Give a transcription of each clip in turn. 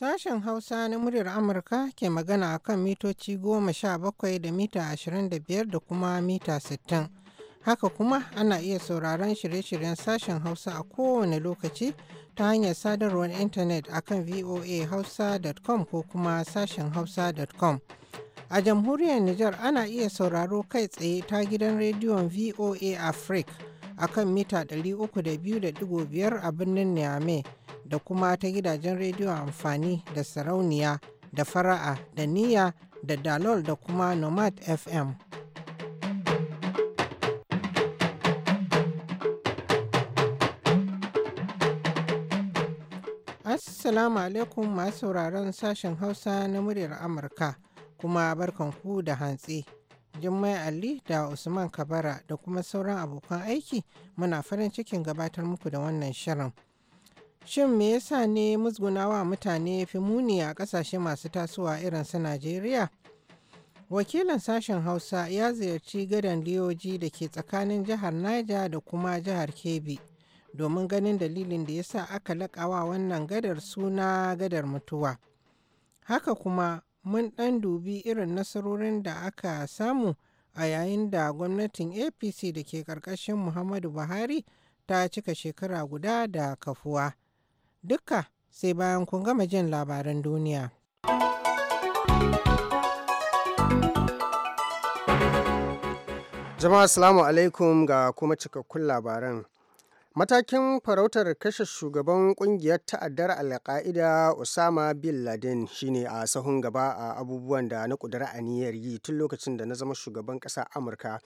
Sashen Hausa na muryar Amurka ke magana a kan mitoci goma sha bakwai da mita ashirin da biyar da kuma mita sittin. Haka kuma ana iya sauraron shirye-shiryen sashen Hausa a kowane lokaci ta hanyar sadarwar intanet a kan voahausa.com ko kuma sashen hausa.com. A jamhuriyar Nijar ana iya sauraro kai tsaye ta gidan rediyon VOA Africa a kan mita 302.5 a birnin Niamey da kuma ta gidajen rediyon amfani da sarauniya da fara'a da niya da dalol da kuma nomad FM. Assalamu alaikum masu sauraron sashen Hausa na muryar Amurka. kuma barkanku da hantsi. Jummai Ali da Usman Kabara da kuma sauran abokan aiki muna farin cikin gabatar muku da wannan shirin. Shin me yasa ne musgunawa mutane fi muni a ƙasashe masu tasowa irin su Najeriya? Wakilin sashen Hausa ya ziyarci gadon liyoji da ke tsakanin jihar Niger da kuma jihar Kebbi domin ganin dalilin da yasa aka laƙawa wannan gadar suna gadar mutuwa. Haka kuma mun ɗan dubi irin nasarorin da aka samu a yayin da gwamnatin apc da ke ƙarƙashin muhammadu buhari ta cika shekara guda da kafuwa dukka sai bayan kun gama jin labaran duniya jama'a assalamu alaikum ga kuma cikakkun labaran Matakin farautar kashe shugaban kungiyar ta'addar Al-Qaida Osama Bin Laden shine a sahun gaba a abubuwan da na a aniyar yi tun lokacin da na zama shugaban ƙasar Amurka.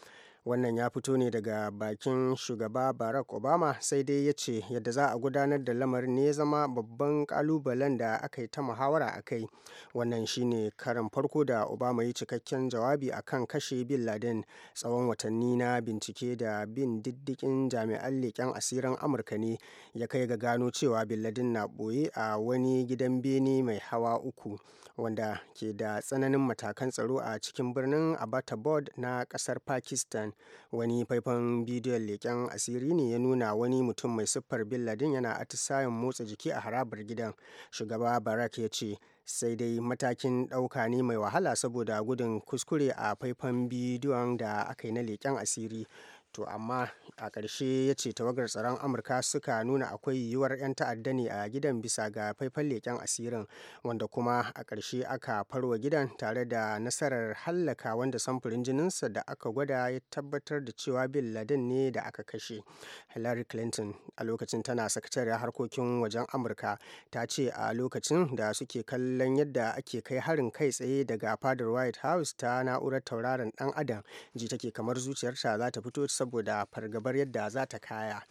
wannan ya fito ne daga bakin shugaba barack obama sai dai ya ce yadda za a gudanar da lamarin ne ya zama babban kalubalen da aka yi ta muhawara a kai wannan shine karin farko da obama yi cikakken jawabi a kan kashe bin laden tsawon watanni na bincike da bin diddikin jami'an leƙen asirin amurka ne ya kai ga gano cewa bin laden na ɓoye a wani gidan bene mai hawa uku wanda ke da tsananin matakan tsaro a cikin birnin abbottabad na kasar pakistan wani faifan bidiyon leƙen asiri ne ya nuna wani mutum mai siffar bin laden yana atisayen motsa jiki a harabar gidan shugaba barak ya ce sai dai matakin ɗauka ne mai wahala saboda gudun kuskure a faifan bidiyon da aka yi na leƙen asiri to amma a ƙarshe ya ce tawagar tsaron amurka suka nuna akwai yiwuwar 'yan ta'adda ne a gidan bisa ga faifan leƙen asirin wanda kuma a ƙarshe aka farwa gidan tare da nasarar hallaka wanda samfurin jininsa da aka gwada ya tabbatar da cewa bin laden ne da aka kashe hillary clinton a lokacin tana sakatariyar harkokin wajen amurka ta ce a lokacin da suke kallon yadda ake kai harin kai tsaye daga fadar white house ta na'urar tauraron dan adam ji take kamar zuciyarta za ta fito saboda fargabar yadda za ta kaya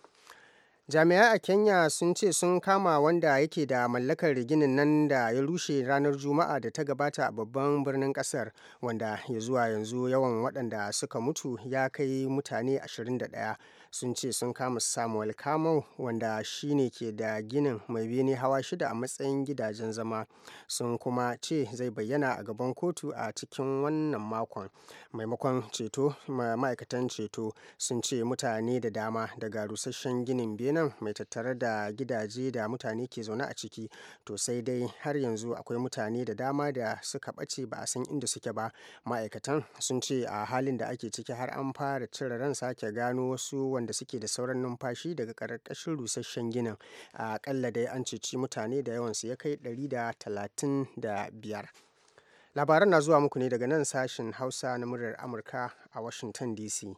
jami'a a kenya sun ce sun kama wanda yake da mallakar ginin nan da ya rushe ranar juma'a da ta gabata a babban birnin kasar wanda ya zuwa yanzu yawan waɗanda suka mutu ya kai mutane 21 sun ce sun kama samuel kamau wanda shine ke da ginin mai bene hawa shida a matsayin gidajen zama sun kuma ce zai bayyana a gaban kotu a cikin wannan makon maimakon ceto ma'aikatan ceto sun ce mutane da dama daga rusasshen ginin benin mai tattare da gidaje da mutane ke zaune a ciki to sai dai har yanzu akwai mutane da dama da suka ɓace ba a san inda suke ba ma'aikatan sun ce a halin da ake ciki har an fara cire ransa ke gano wasu wanda suke da sauran numfashi daga karkashin rusasshen ginin a akalla dai an ceci mutane da yawan su ya kai 135 labaran na zuwa muku ne daga nan sashen hausa na muryar amurka a washington dc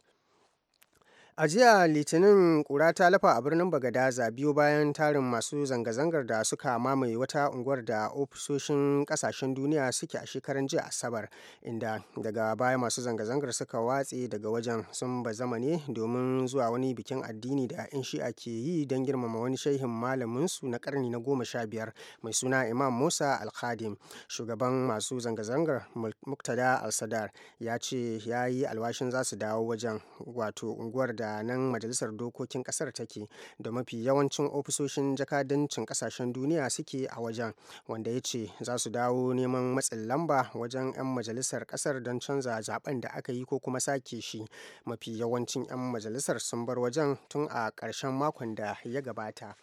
A jiya Litinin kura ta lafa a birnin Bagadaza biyu bayan tarin masu zanga-zangar da suka mamaye wata unguwar da ofisoshin ƙasashen duniya suke a shekaran jiya Asabar inda daga baya masu zanga-zangar suka watse daga wajen sun zama ne domin zuwa wani bikin addini da in shi'a ke yi don girmama wani shehin su na karni na goma sha biyar mai suna Imam Musa alkhadim Shugaban masu zanga-zangar Muktada Al-Sadar ya ce ya yi alwashin za su dawo wajen wato unguwar da da nan majalisar dokokin kasar take da mafi yawancin ofisoshin jakadancin kasashen duniya suke a wajen wanda ya ce za su dawo neman matsin lamba wajen 'yan majalisar kasar don canza zaben da aka yi ko kuma sake shi mafi yawancin 'yan majalisar sun bar wajen tun a ƙarshen makon da ya gabata.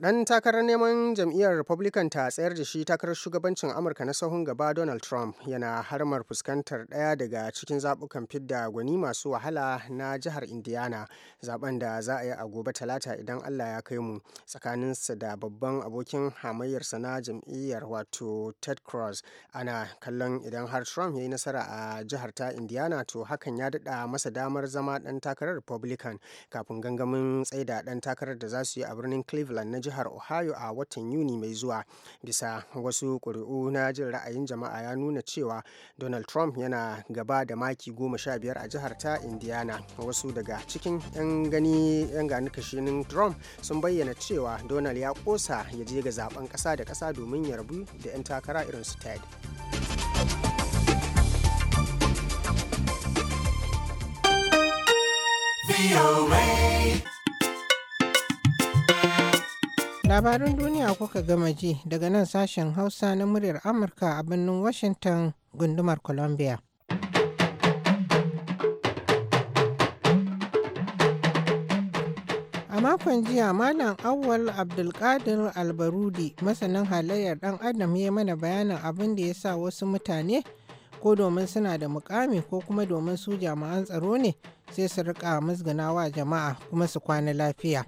Ɗan takarar neman jam'iyyar Republican ta tsayar da shi takarar shugabancin Amurka na sahun gaba Donald Trump yana harmar fuskantar ɗaya daga cikin zaɓukan fidda gwani masu wahala na jihar Indiana zaben da za a yi a gobe talata idan Allah ya kai mu tsakaninsa da babban abokin hamayyarsa na jam'iyyar wato Ted cross ana kallon idan har Trump ya yi nasara a jihar ta Indiana to hakan ya daɗa masa damar zama ɗan takarar Republican kafin gangamin tsaida ɗan takarar da za su yi a birnin Cleveland na jihar ohio a watan yuni mai zuwa bisa wasu ƙuri'u na jin ra'ayin jama'a ya nuna cewa donald trump yana gaba da maki goma sha biyar a jihar ta indiana wasu daga cikin 'yan gani 'yan gani kashinin trump sun bayyana cewa donald ya kosa ya je ga zaben ƙasa da ƙasa domin ya rabu da 'yan takara irin su ted labarin duniya kuka gama ji daga nan sashen hausa na muryar amurka a birnin washington gundumar columbia a makon jiya malam awwal abdulkadir albarudi masanin halayyar dan adam ya mana bayanin abin da ya sa wasu mutane ko domin suna da mukami ko kuma domin su jama'an tsaro ne sai su rika musgana wa jama'a kuma su kwana lafiya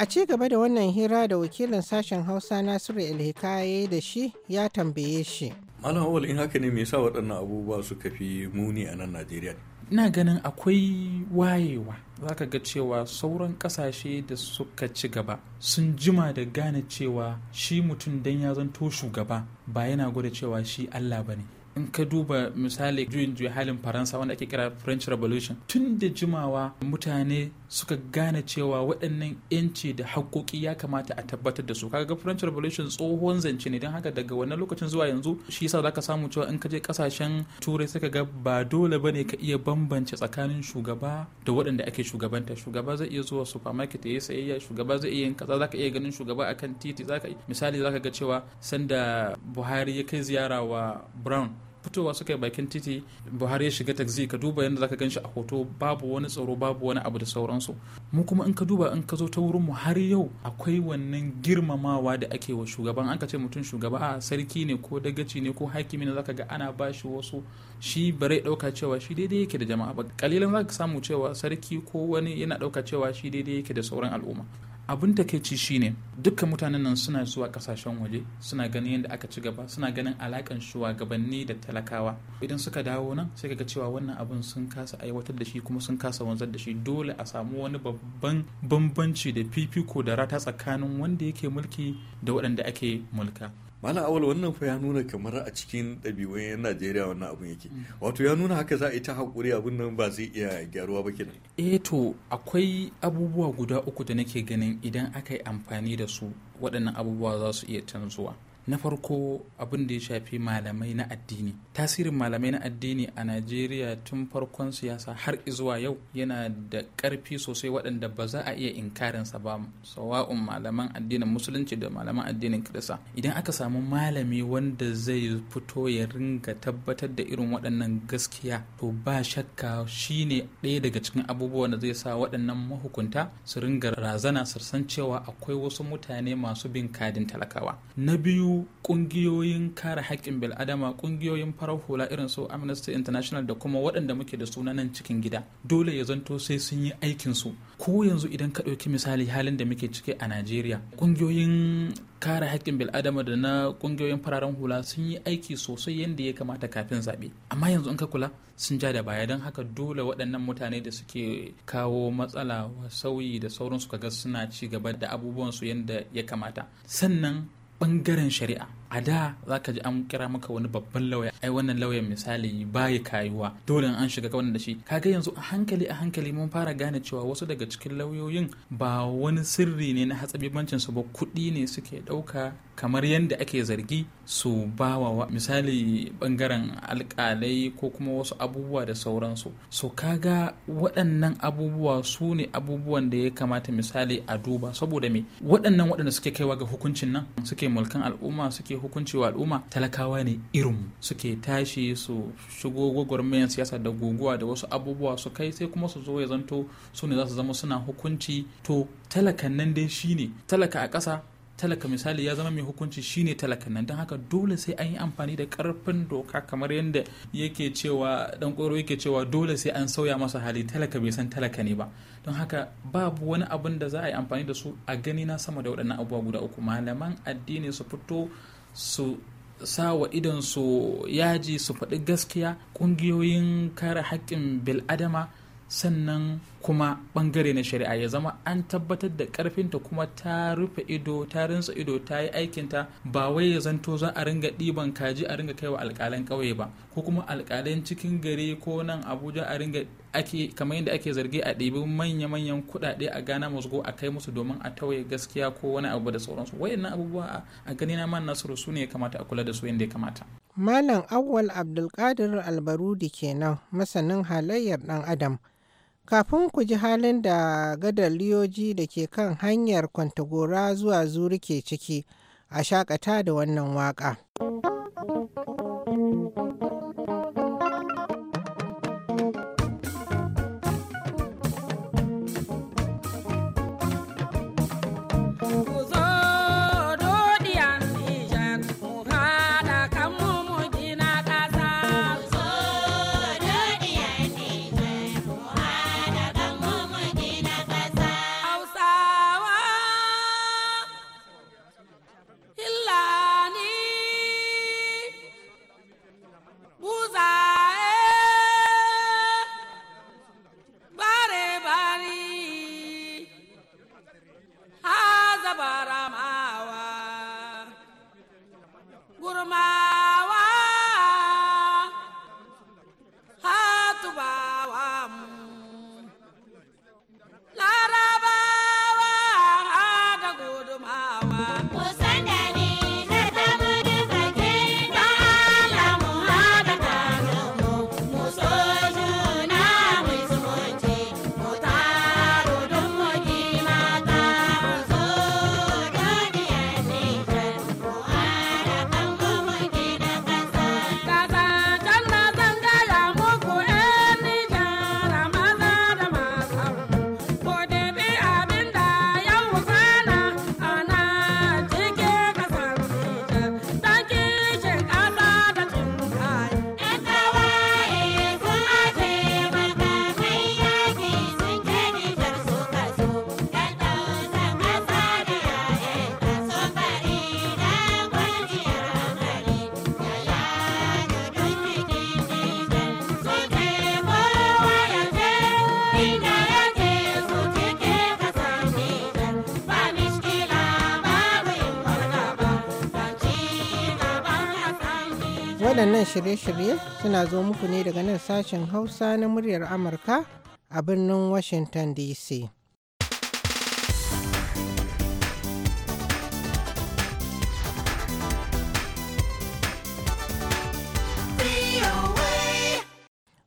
A ci gaba da wannan hira da wakilin sashen Hausa Nasiru Ilhikaye da shi ya tambaye shi. Malam Awal in haka ne me yasa waɗannan abubuwa suka fi muni a nan Najeriya? Ina ganin akwai wayewa. zaka ga cewa sauran ƙasashe da suka ci gaba sun jima da gane cewa shi mutum don ya zanto shugaba ba yana gwada cewa shi Allah ba ne. in ka duba misali juyin juya halin faransa wanda ake kira french revolution tun da jimawa mutane suka gane cewa waɗannan yanci da haƙoƙi ya kamata a tabbatar da su kaga french revolution tsohon zance ne don haka daga wannan lokacin zuwa yanzu shi yasa ka samu cewa in ka je kasashen turai suka ga ba dole bane ka iya bambance tsakanin shugaba da waɗanda ake shugabanta shugaba zai iya zuwa supermarket ya yi sayayya shugaba zai iya yin kaza ka iya ganin shugaba akan titi ka misali zaka ga cewa sanda buhari ya kai ziyara wa brown fitowa suka yi bakin titi buhari ya shiga taxi ka duba yadda zaka gan shi a hoto babu wani tsaro babu wani abu da sauransu mu kuma in ka duba in ka zo ta wurin mu har yau akwai wannan girmamawa da ake wa shugaban an ka ce mutum shugaba a sarki ne ko dagaci ne ko hakimi ne zaka ga ana bashi wasu shi bare dauka cewa shi daidai yake da jama'a ba kalilan zaka samu cewa sarki ko wani yana dauka cewa shi daidai yake da sauran al'umma abin da kai ci shine dukkan mutanen nan suna zuwa kasashen waje suna ganin yadda aka ci gaba suna ganin alakan shugabanni da talakawa idan suka dawo nan sai ga cewa wannan abin sun kasa aiwatar da shi kuma sun kasa wanzar da shi dole a samu wani babban bambanci da fifiko da rata tsakanin wanda yake mulki da waɗanda ake mulka mana awal wannan fa ya nuna kamar a cikin ɗabi'un yan najeriya wannan abun yake wato ya nuna haka za a yi ta haƙuri abun nan ba zai iya gyaruwa ba kenan eh to akwai abubuwa guda uku da nake ganin idan aka yi amfani da su waɗannan abubuwa za su iya canzuwa na farko abin da ya shafi malamai na addini tasirin malamai na addini a najeriya tun farkon siyasa har zuwa yau yana da karfi sosai waɗanda ba za a iya inkarinsa ba sawa'un malaman addinin musulunci da malaman addinin kirista idan aka samu malami wanda zai fito ya ringa tabbatar da irin waɗannan gaskiya to ba shakka ne ɗaya daga cikin abubuwan da zai sa waɗannan mahukunta su ringa razana su cewa akwai wasu mutane masu bin kadin talakawa na biyu kungiyoyin kare haƙƙin bil'adama kungiyoyin farar hula irin su amnesty international da kuma waɗanda muke da suna nan cikin gida dole ya zanto sai sun yi aikin su ko yanzu idan ka ɗauki misali halin da muke ciki a najeriya kungiyoyin kare haƙƙin bil'adama da na kungiyoyin fararen hula sun yi aiki sosai yadda ya kamata kafin zaɓe amma yanzu in ka kula sun ja da baya don haka dole waɗannan mutane da suke kawo matsala wa sauyi da sauransu kaga suna ci gaba da abubuwansu yadda ya kamata sannan bangaren shari'a a da za ka ji an kira maka wani babban lauya ai wannan lauyan misali ya kayuwa dole an shiga wannan da shi kaga yanzu a hankali a hankali mun fara gane cewa wasu daga cikin lauyoyin ba wani sirri ne na hatsabibancin su ba kuɗi ne suke ɗauka kamar yadda ake zargi su bawa misali bangaren alkalai ko kuma wasu abubuwa da sauransu so kaga waɗannan abubuwa su ne abubuwan da ya kamata misali a duba saboda me waɗannan waɗanda suke kaiwa ga hukuncin nan suke mulkan al'umma suke hukuncewa al'umma talakawa ne irin suke tashi su shigo gwagwarmayan siyasa da guguwa da wasu abubuwa su kai sai kuma su zo ya zanto su ne za su zama suna hukunci to talakan nan dai shine talaka a ƙasa talaka misali ya zama mai hukunci shine talakan nan don haka dole sai an yi amfani da karfin doka kamar yadda yake cewa dan koro yake cewa dole sai an sauya masa hali talaka bai san talaka ne ba don haka babu wani abun da za a yi amfani da su a gani na sama da waɗannan abubuwa guda uku malaman addini su fito su sa wa idon su yaji su faɗi gaskiya ƙungiyoyin kare haƙƙin bil'adama sannan kuma bangare na shari'a ya zama an tabbatar da karfinta kuma ta rufe ido ta rinsa ido ta yi aikinta ba wai ya zanto za a ringa ɗiban kaji a ringa kaiwa alƙalan ƙauye ba ko kuma alƙalan cikin gari ko nan abuja a ringa ake kamar yadda ake zargi a ɗibi manya-manyan kuɗaɗe a gana musgo a kai musu domin a tauye gaskiya ko wani abu da sauransu wayannan abubuwa a gani na man nasiru su ne ya kamata a kula da su yadda ya kamata malam awwal abdulkadir albarudi kenan masanin halayyar dan adam Kafin ku ji halin da gadar liyoji da ke kan hanyar Kwantagora zuwa zuri ke ciki, a shakata da wannan waƙa. Waɗannan shirye-shirye suna zo muku ne daga nan sashen Hausa na muryar Amurka a birnin Washington DC.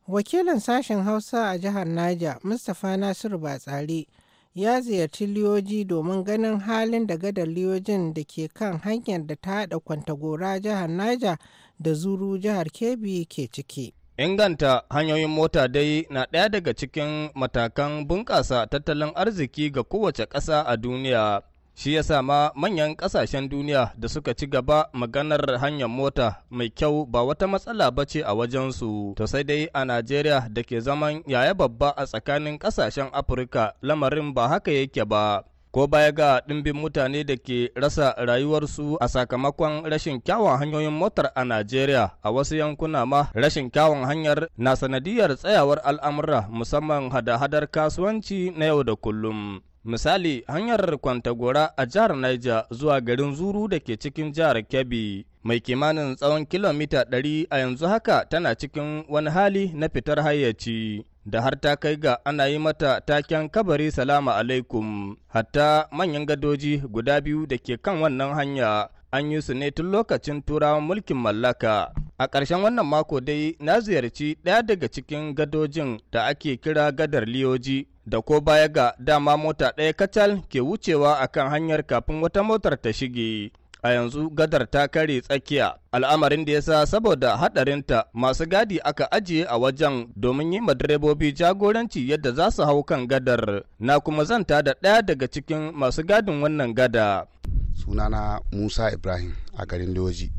Wakilin sashen Hausa a jihar Naja, Mustapha Nasiru Batsari, ya ziyarci liyoji domin ganin halin da gadar liyojin da ke kan hanyar da ta haɗa kwantagora jihar Naja da zuru jihar kebbi ke ciki inganta hanyoyin mota dai na ɗaya daga cikin matakan bunƙasa tattalin arziki ga kowace ƙasa a duniya shi ya ma manyan ƙasashen duniya da suka ci gaba maganar hanyar mota mai kyau ba wata matsala ba ce a wajensu to sai dai a najeriya da ke zaman yaya babba a tsakanin ƙasashen afirka lamarin ba haka yake ba ko baya ga ɗimbin mutane da ke rasa rayuwarsu a sakamakon rashin kyawun hanyoyin motar a Najeriya a wasu yankuna ma rashin kyawun hanyar na sanadiyar tsayawar al'amura musamman hada-hadar kasuwanci na yau da kullum. Misali hanyar Kwantagora a jihar Niger zuwa garin Zuru da ke cikin jihar Kebbi mai kimanin tsawon kilomita 100 a yanzu haka tana cikin wani hali na fitar hayyaci. da har ta kai ga ana yi mata taken kabari salama alaikum hatta manyan gadoji guda biyu da ke kan wannan hanya an yi su ne tun lokacin turawan mulkin mallaka a ƙarshen wannan mako dai na ziyarci ɗaya daga cikin gadojin da ake kira gadar liyoji da ko baya ga dama mota ɗaya kacal ke wucewa akan hanyar kafin wata motar ta shige a yanzu gadar ta kare tsakiya al'amarin da ya sa saboda ta masu gadi aka ajiye a wajen domin yi ma direbobi jagoranci yadda za su hau kan gadar na kuma zanta da ɗaya daga cikin masu gadin wannan gada sunana musa ibrahim a garin doji.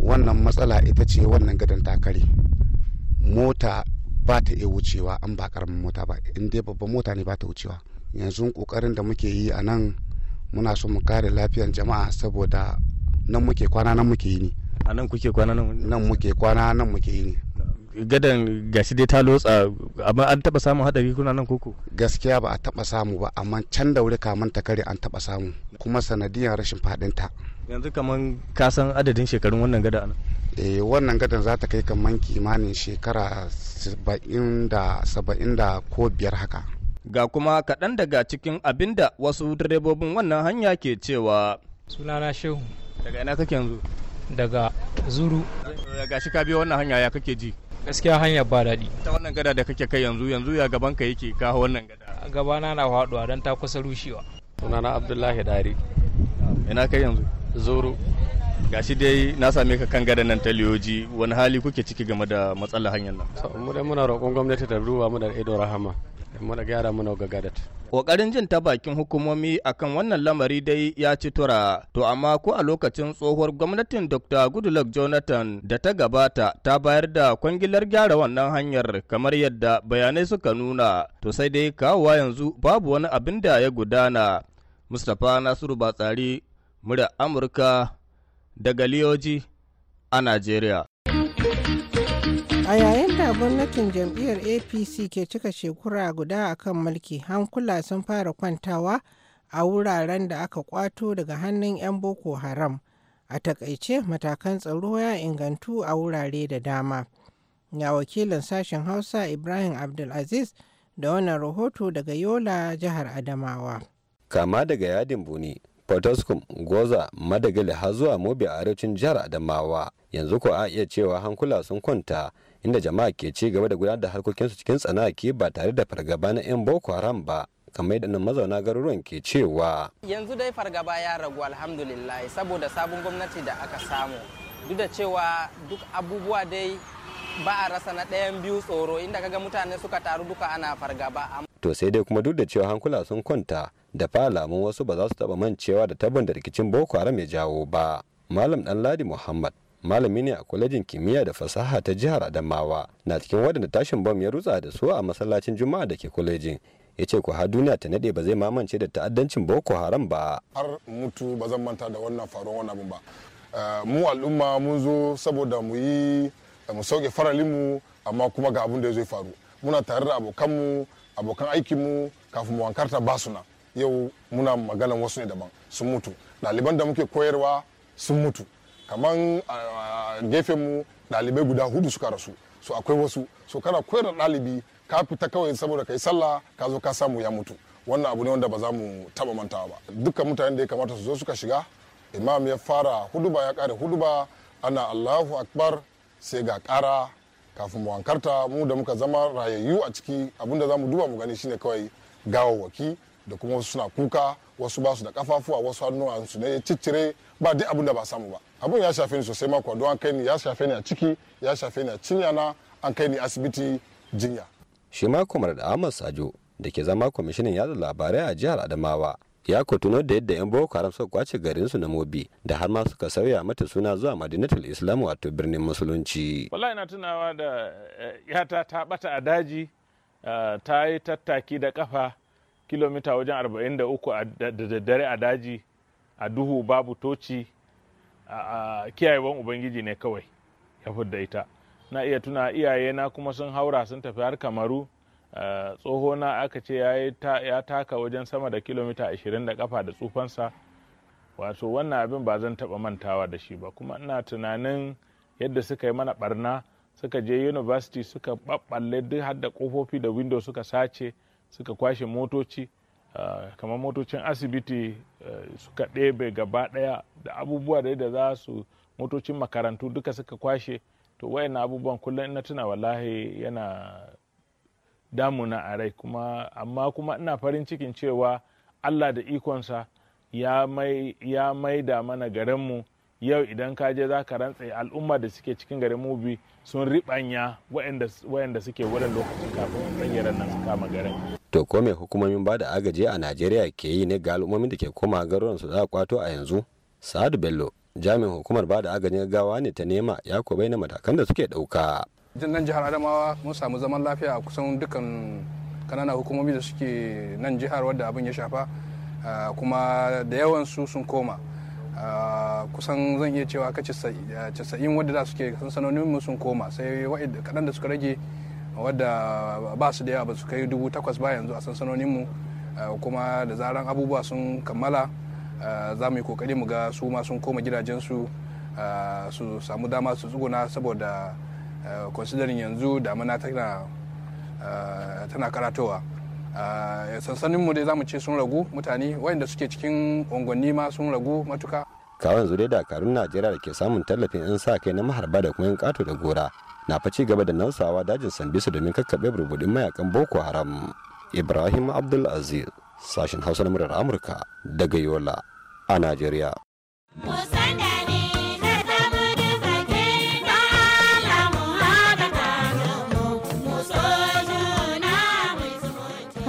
wannan matsala ita ce wannan gadon ta kare mota ba ta iya wucewa an ba karamin mota ba in dai babban mota ne ba ta wucewa yanzu kokarin da muke yi a nan muna so mu kare lafiyar jama'a saboda nan muke kwana nan muke yi ne a nan kuke kwana nan muke kwana nan muke yi ne gadan gashi dai ta lotsa amma an taba samun hadari kuna nan koko gaskiya ba a taba samu ba amma can da wuri kamun ta kare an taba samu kuma sanadiyar rashin fadin ta yanzu kaman ka san adadin shekarun wannan gada nan eh wannan gadan za ta kai kamar kimanin shekara saba'in da saba'in da ko biyar haka Ga kuma kaɗan daga cikin abin da wasu direbobin wannan hanya ke cewa. Sunana Shehu. Daga ina kake yanzu? Daga Zuru. Eh, ga shi ka biyo wannan hanya ya kake ji? Gaskiya hanya ba daɗi. Ta wannan gada da kake kai yanzu yanzu ya gaban ka yake ka wannan gada. Gabana na faɗuwa don ta kusa rushewa. Sunana Abdullahi Dari. Ina kai yanzu? Zuru. Ga shi dai na same ka kan gadan nan ta liyoji wani hali kuke ciki game da matsalar hanyar nan mu dai muna roƙon gwamnati ta duba mu da ido rahama muna Ƙoƙarin jin ta bakin hukumomi akan wannan lamari dai ya ci tura, to amma ko a lokacin tsohuwar gwamnatin Dr. Goodluck Jonathan da ta gabata ta bayar da kwangilar gyara wannan hanyar kamar yadda bayanai suka nuna, to sai dai kawowa yanzu babu wani abin da ya gudana. Mustapha Nasiru Batsari, murya Amurka daga Liyoji a Najeriya. A yayin da gwamnatin jam'iyyar APC ke cika shekura guda a kan mulki, hankula sun fara kwantawa a wuraren da aka kwato daga hannun 'yan Boko Haram. A takaice matakan tsaro ya ingantu a wurare da dama. ya wakilin sashen Hausa Ibrahim Abdulaziz da wannan rahoto daga Yola jihar Adamawa. Kama daga yadin Buni, Potoskum, Goza, Madagali har zuwa Mobi a arewacin jihar Adamawa. Yanzu ko a iya cewa hankula sun kwanta inda jama'a ke ci gaba da gudanar da harkokinsu cikin tsanaki ba tare da fargaba na 'yan boko haram ba kamar yadda nan mazauna garuruwan ke cewa yanzu dai fargaba ya ragu alhamdulillah saboda sabon gwamnati da aka samu duk da cewa duk abubuwa dai ba a rasa na ɗayan biyu tsoro inda kaga mutane suka taru duka ana fargaba to sai dai kuma duk da cewa hankula sun kwanta da falamun wasu ba za su taba mancewa da tabon da rikicin boko haram ya jawo ba malam ɗanladi muhammad malami ne a kwalejin kimiyya da fasaha ta jihar adamawa na cikin waɗanda tashin bom ya rutsa da su a masallacin juma'a da ke kwalejin ya ce ku har duniya ta nade ba zai mamance da ta'addancin boko haram ba har mutu ba zan manta da wannan faruwar wannan abin ba eh, mu al'umma mun zo saboda mu yi eh, mu sauke faralinmu amma kuma ga abin da ya zai faru muna tare da abokanmu abokan aikinmu kafin mu wankarta ba suna yau muna maganan wasu ne daban sun mutu ɗaliban da muke koyarwa sun mutu kaman gefen mu ɗalibai guda hudu suka rasu so akwai wasu so kana koyar da ɗalibi ka fita kawai saboda kai sallah ka zo ka samu ya mutu wannan abu ne wanda ba za mu taba mantawa ba dukkan mutanen da ya kamata su zo suka shiga imam ya fara huduba ya kare huduba ana allahu akbar sai ga kara kafin mu hankarta mu da muka zama rayayyu a ciki abinda za mu duba mu gani shine kawai gawawwaki da kuma wasu suna kuka wasu ba su da kafafuwa wasu hannuwansu ne ya ciccire ba duk abin da ba samu ba abun ya shafe ni sosai mako don an kai ni ya shafe ni a ciki ya shafe ni a cinya na an kai ni asibiti jinya shi ma kumar da ahmad sajo da ke zama kwamishinan yada labarai a jihar adamawa ya kutuno da yadda 'yan boko haram suka kwace garinsu na mobi da har ma suka sauya mata suna zuwa madinatul islam wato birnin musulunci wallahi na tunawa da eh, yata ta bata a daji eh, ta yi tattaki da kafa kilomita wajen 43 da daddare a daji a duhu babu toci kiyayewan ubangiji ne kawai ya fidda ita na iya tuna iyayena kuma sun haura sun tafi har kamaru tsohona aka ce ya taka wajen sama da kilomita 20 da kafa da tsufansa wato wannan abin ba zan taba mantawa da shi ba kuma ina tunanin yadda suka yi mana barna suka je university suka babballe duk har da kofofi da window suka sace suka kwashe motoci kamar motocin asibiti Eh, suka ɗebe gaba ɗaya da abubuwa da za su motocin makarantu duka suka kwashe to wayan abubuwan kullum ina tuna wallahi yana damuna a rai kuma amma kuma ina farin cikin cewa allah da ikonsa ya mai da mana garinmu yau idan ka je za ka rantse al'umma da suke cikin garin mubi sun riɓanya wayanda suke wurin lokacin kafin tsangiyar nan su kama garin to ko me hukumomin bada agaji a najeriya ke yi ne ga al'ummomin da ke koma garuruwan su za a kwato a yanzu sa'adu bello jami'in hukumar bada agajin gaggawa ne ta nema ya ko na matakan da suke dauka nan jihar adamawa mun samu zaman lafiya a kusan dukkan kananan hukumomi da suke nan jihar wadda abin ya shafa kuma da yawan su sun koma kusan zan iya cewa ka casa'in wadda da suke sansanonin sun koma sai kaɗan da suka rage wadda ba su da yawa ba su kai dubu takwas ba yanzu a sansanoninmu eh, kuma da zaran abubuwa sun kammala eh, za mu yi kokari mu ga su ma sun koma gidajensu eh, su samu dama su tsuguna saboda considering yanzu damuna tana karatowa sansaninmu dai za mu ce sun ragu mutane wayanda suke cikin unguwanni ma sun ragu matuka kawai zure da karun najeriya da ke samun tallafin 'yan sa kai na maharba da kuma 'yan kato da gora na fa ci gaba da nausawa dajin Sambisa domin kakkaɓe burbudin mayakan Boko Haram. Ibrahim Abdul Aziz, sashen Hausa na murar Amurka daga Yola a Najeriya.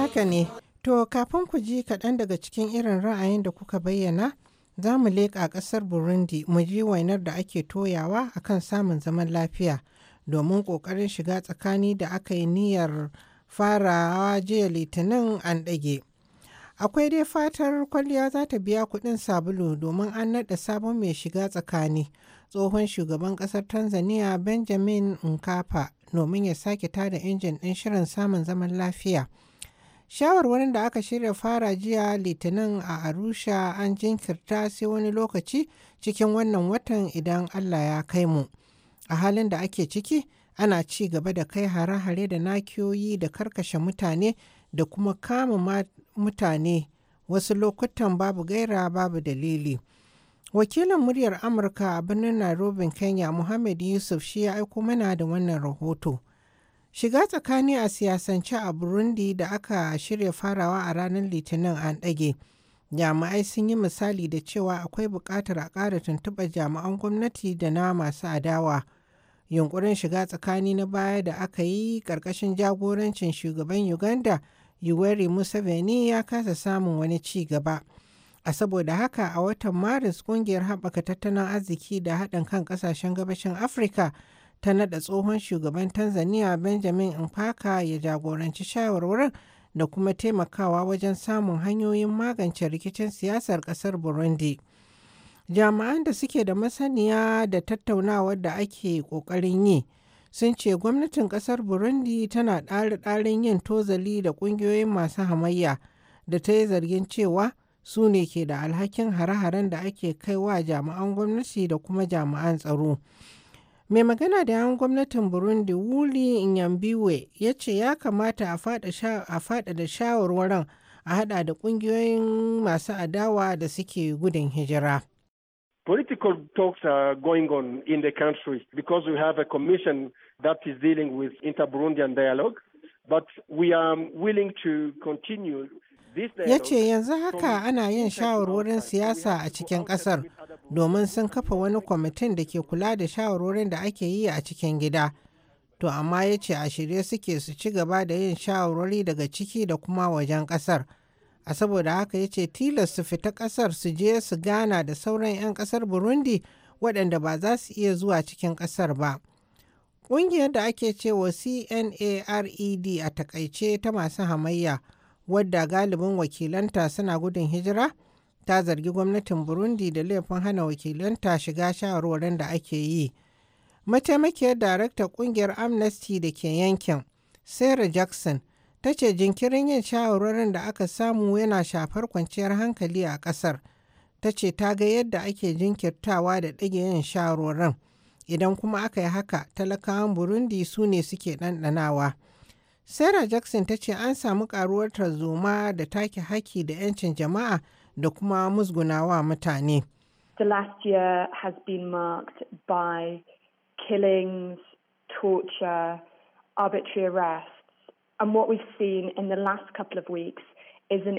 Haka ne, to kafin ku ji kaɗan daga cikin irin ra'ayin da kuka bayyana, za mu leƙa ƙasar Burundi mu ji wainar da ake toyawa akan samun zaman lafiya. domin ƙoƙarin shiga tsakani da aka yi niyyar farawa jiya litinin an ɗage. Akwai dai fatar kwalliya za ta biya kuɗin sabulu domin an naɗa sabon mai shiga tsakani tsohon shugaban ƙasar Tanzania Benjamin Nkafa domin ya sake tada injin ɗin shirin samun zaman lafiya. Shawarwarin da aka shirya fara jiya litinin a Arusha an jinkirta sai wani lokaci cikin wannan watan idan Allah ya kai mu. a halin da ake ciki ana ci gaba da kai hare-hare da nakiyoyi da karkashe mutane da kuma kama mutane wasu lokutan babu gaira babu dalili. Wakilin muryar Amurka a birnin Nairobi, Kenya, Muhammad Yusuf shi ya aiko mana da wannan rahoto. Shiga tsakani a siyasance a Burundi da aka shirya farawa a ranar Litinin an ɗage. Jami'ai sun yi misali da cewa akwai buƙatar a ƙara tuntuɓar jami'an gwamnati da na masu adawa. yunkurin shiga tsakani na baya da aka yi ƙarƙashin jagorancin shugaban uganda yuweri museveni ya kasa samun wani ci gaba a saboda haka a watan maris ƙungiyar haɓaka tattalin arziki da haɗin kan ƙasashen gabashin afirka ta naɗa tsohon shugaban tanzania benjamin mpaka ya jagoranci shawarwarin da kuma taimakawa wajen samun hanyoyin magance rikicin siyasar ƙasar burundi jami'an da suke da masaniya da tattaunawar da ake ƙoƙarin yi sun ce gwamnatin ƙasar burundi tana ɗari-ɗarin yin tozali da ƙungiyoyin masu hamayya da ta yi zargin cewa su ne ke da alhakin hare-haren da ake kai wa jami'an gwamnati da kuma jami'an tsaro mai magana da yan gwamnatin burundi wuli nyambiwe ya ce ya kamata a da shawarwaran a haɗa da ƙungiyoyin masu adawa da suke gudun hijira. Political talks are going on in the country because we have a commission that is dealing with inter-Burundian dialogue, but we are willing to continue ya ce yanzu haka ana yin shawarwarin siyasa a cikin kasar domin sun kafa wani kwamitin da ke kula da shawarwarin da ake yi a cikin gida to amma ya ce a shirye suke su ci gaba da yin shawarwari daga ciki da kuma wajen kasar a saboda haka ya ce tilas su fita ƙasar su je su gana da sauran 'yan ƙasar burundi waɗanda ba za su iya zuwa cikin ƙasar ba ƙungiyar da ake cewa cnared a takaice ta masu hamayya wadda galibin wakilanta suna gudun hijira ta zargi gwamnatin burundi da laifin hana wakilanta shiga shawarwarin da ake yi mataimakiyar darakta ƙungiyar amnesty da ke yankin sarah jackson ta ce jinkirin yin shawarwarin da aka samu yana shafar kwanciyar hankali a ƙasar ta ce ta ga yadda ake jinkirtawa da ɗage yin shawarwarin idan kuma aka yi haka talakawan burundi su ne suke ɗanɗanawa sarah jackson ta ce an samu karuwar tarzoma da take haki da 'yancin jama'a da kuma musgunawa mutane The last year has been marked by killings, torture, arbitrary arrests And in the last couple of weeks is an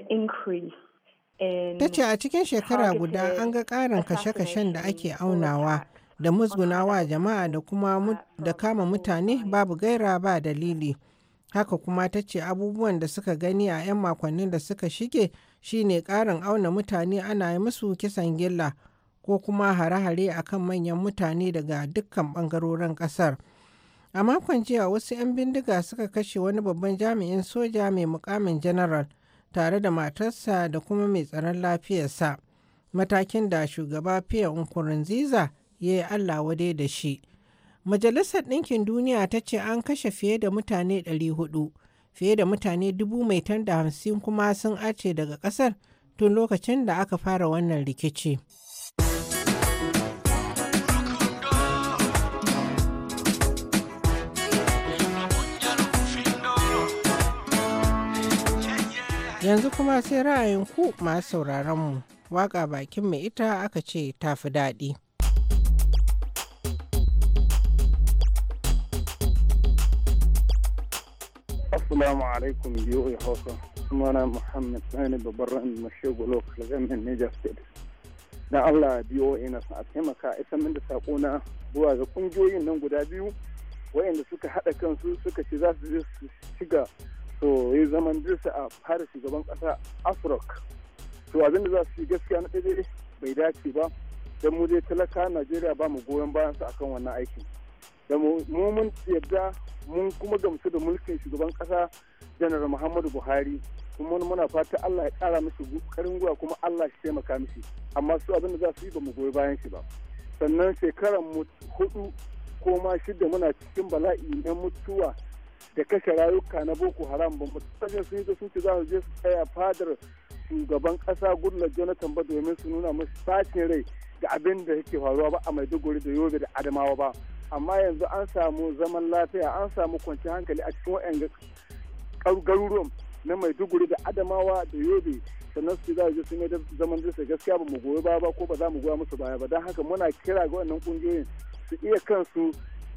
ta ce a cikin shekara guda an ga ƙarin kashe-kashen da ake aunawa da musgunawa jama'a da kuma da kama mutane babu gaira ba dalili haka kuma ta ce abubuwan da suka gani a 'yan makonnin da suka shige shine ƙarin auna mutane ana yi musu kisan gilla ko kuma hare-hare a kan manyan mutane daga dukkan ɓangarorin ƙasar. A makon jiya wasu 'yan bindiga suka kashe wani babban jami'in soja mai mukamin general tare da matarsa da kuma mai tsaron lafiyarsa. Matakin da shugaba Pierre Nkurunziza ya yi Allah wade da shi. Majalisar Ɗinkin Duniya ta ce an kashe fiye da mutane 400, fiye da mutane dubu mai da hamsin kuma sun ace daga ƙasar tun lokacin da aka fara wannan rikici. Yanzu kuma sai ra'ayin ku masu sauraronmu. Waka bakin mai ita aka ce tafi daɗi. Assalamu alaikum biyu Hausa. na Muhammad Sani babban ra'ayin mashego lokacin gamin Niger State. Na Allah biyo ina a taimaka isa min da na zuwa ga ƙungiyoyin nan guda biyu wayanda suka haɗa kansu suka ce za su shiga so yi zaman dirsa a fara shugaban kasa afrok to abinda za su yi gaskiya na ɗaya bai dace ba don mu talaka najeriya ba mu goyon bayan su akan wannan aikin da mu mun yadda mun kuma gamsu da mulkin shugaban kasa janar muhammadu buhari kuma muna fata allah ya kara musu karin gwiwa kuma allah shi taimaka mishi amma su abinda za su yi ba mu goyi bayan shi ba sannan shekaran mu hudu ko ma shidda muna cikin bala'i na mutuwa da kashe rayuka na boko haram ba mutane sun yi da sun za su je su tsaya fadar shugaban kasa gurla jonathan ba domin su nuna masu sacin rai da abin da yake faruwa ba a maiduguri da yobe da adamawa ba amma yanzu an samu zaman lafiya an samu kwanciyar hankali a cikin wa'yan garuruwan na maiduguri da adamawa da yobe sannan su za su ne da zaman jinsa gaskiya ba mu goyi ba ko ba za mu goya musu baya ba don haka muna kira ga wannan kungiyoyin su iya kansu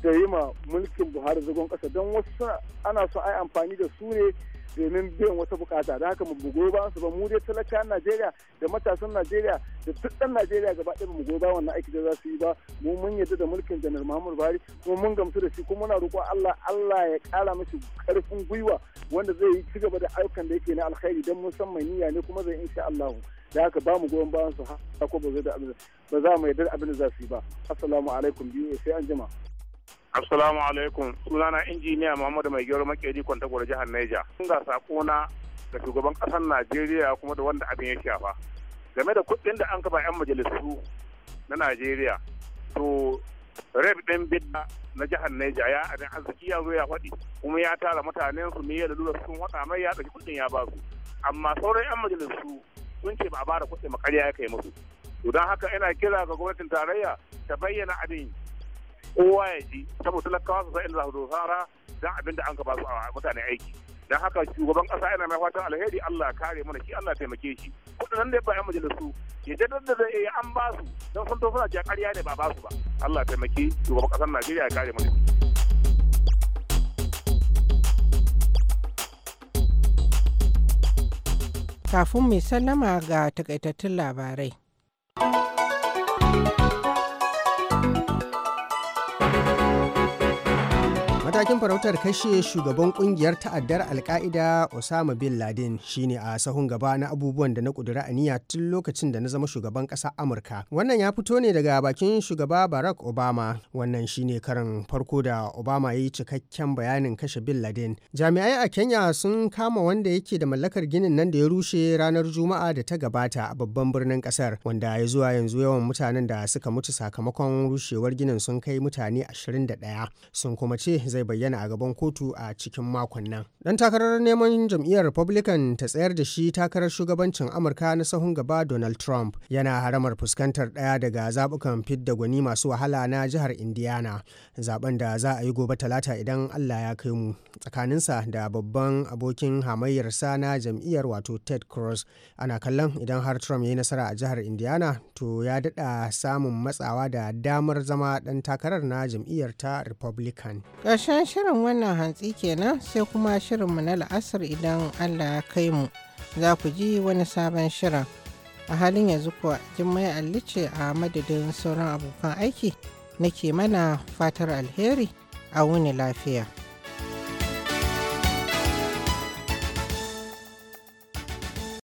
da yi ma mulkin buhari zagon kasa don wasu ana so ai amfani da su ne domin biyan wata bukata da haka mu goyi ba su ba mu dai talaka Najeriya da matasan Najeriya da duk dan Najeriya gaba ɗaya mu goyi bayan wannan aiki da za su yi ba mu mun yarda da mulkin Janar Muhammadu Buhari kuma mun gamsu da shi kuma muna roƙo Allah Allah ya ƙara mishi ƙarfin gwiwa wanda zai yi ci gaba da ayyukan da yake na alkhairi don mun san mai niyya ne kuma zai insha allahu da haka ba mu goyon bayan su har ko ba za mu yarda abin da za su yi ba assalamu alaikum biyu sai an jima Assalamu alaikum. Sunana injiniya Muhammadu Mai Gero Makeri Kwantagwar jihar Neja. Sun ga sakona da shugaban kasar Najeriya kuma da wanda abin ya shafa. Game da kudin da an kafa 'yan majalisu na Najeriya. To, rep ɗin bidda na jihar Neja ya abin arziki ya zo ya faɗi kuma ya tara mutanen su me ya lalura sun waɗa mai ya ɗauki kudin ya ba su. Amma sauran 'yan majalisu sun ce ba a ba da kuɗin makarya ya kai musu. To don haka ina kira ga gwamnatin tarayya ta bayyana abin kowa ya ji saboda talakawa su san inda za dosara don abin da an ka ba su a mutane aiki don haka shugaban kasa yana mai fatan alheri Allah kare mana shi Allah taimake shi kudanan da ya bayan majalisu ya jaddar da zai an ba su don sun suna cewa karya ne ba ba su ba Allah taimake shugaban kasar Najeriya kare mana kafin mai sallama ga takaitattun labarai matakin farautar kashe shugaban kungiyar ta'addar alka'ida osama bin laden shine a sahun gaba na abubuwan da na kudura aniya tun lokacin da na zama shugaban ƙasar amurka wannan ya fito ne daga bakin shugaba barack obama wannan shine karin farko da obama ya yi cikakken bayanin kashe bin laden jami'ai a kenya sun kama wanda yake da mallakar ginin nan da ya rushe ranar juma'a da ta gabata a babban birnin kasar wanda ya zuwa yanzu yawan mutanen da suka mutu sakamakon rushewar ginin sun kai mutane 21 sun kuma ce zai bayyana a gaban kotu a cikin makon nan. Dan takarar neman jam'iyyar Republican ta tsayar da shi takarar shugabancin Amurka na sahun gaba Donald Trump yana haramar fuskantar ɗaya daga zaɓukan fidda gwani masu wahala na jihar Indiana. Zaben da za a yi gobe talata idan Allah ya kai mu tsakaninsa da babban abokin hamayyarsa na jam'iyyar wato Ted Cruz. Ana kallon idan har Trump ya yi nasara a jihar Indiana to ya daɗa samun matsawa da damar zama ɗan takarar na jam'iyyar ta Republican. ƙarshen shirin wannan hantsi kenan sai kuma shirinmu na la'asar idan Allah ya kai mu za ku ji wani sabon shirin. A halin yanzu kuwa Jummai Allice a madadin sauran abokan aiki nake mana fatar alheri a wuni lafiya.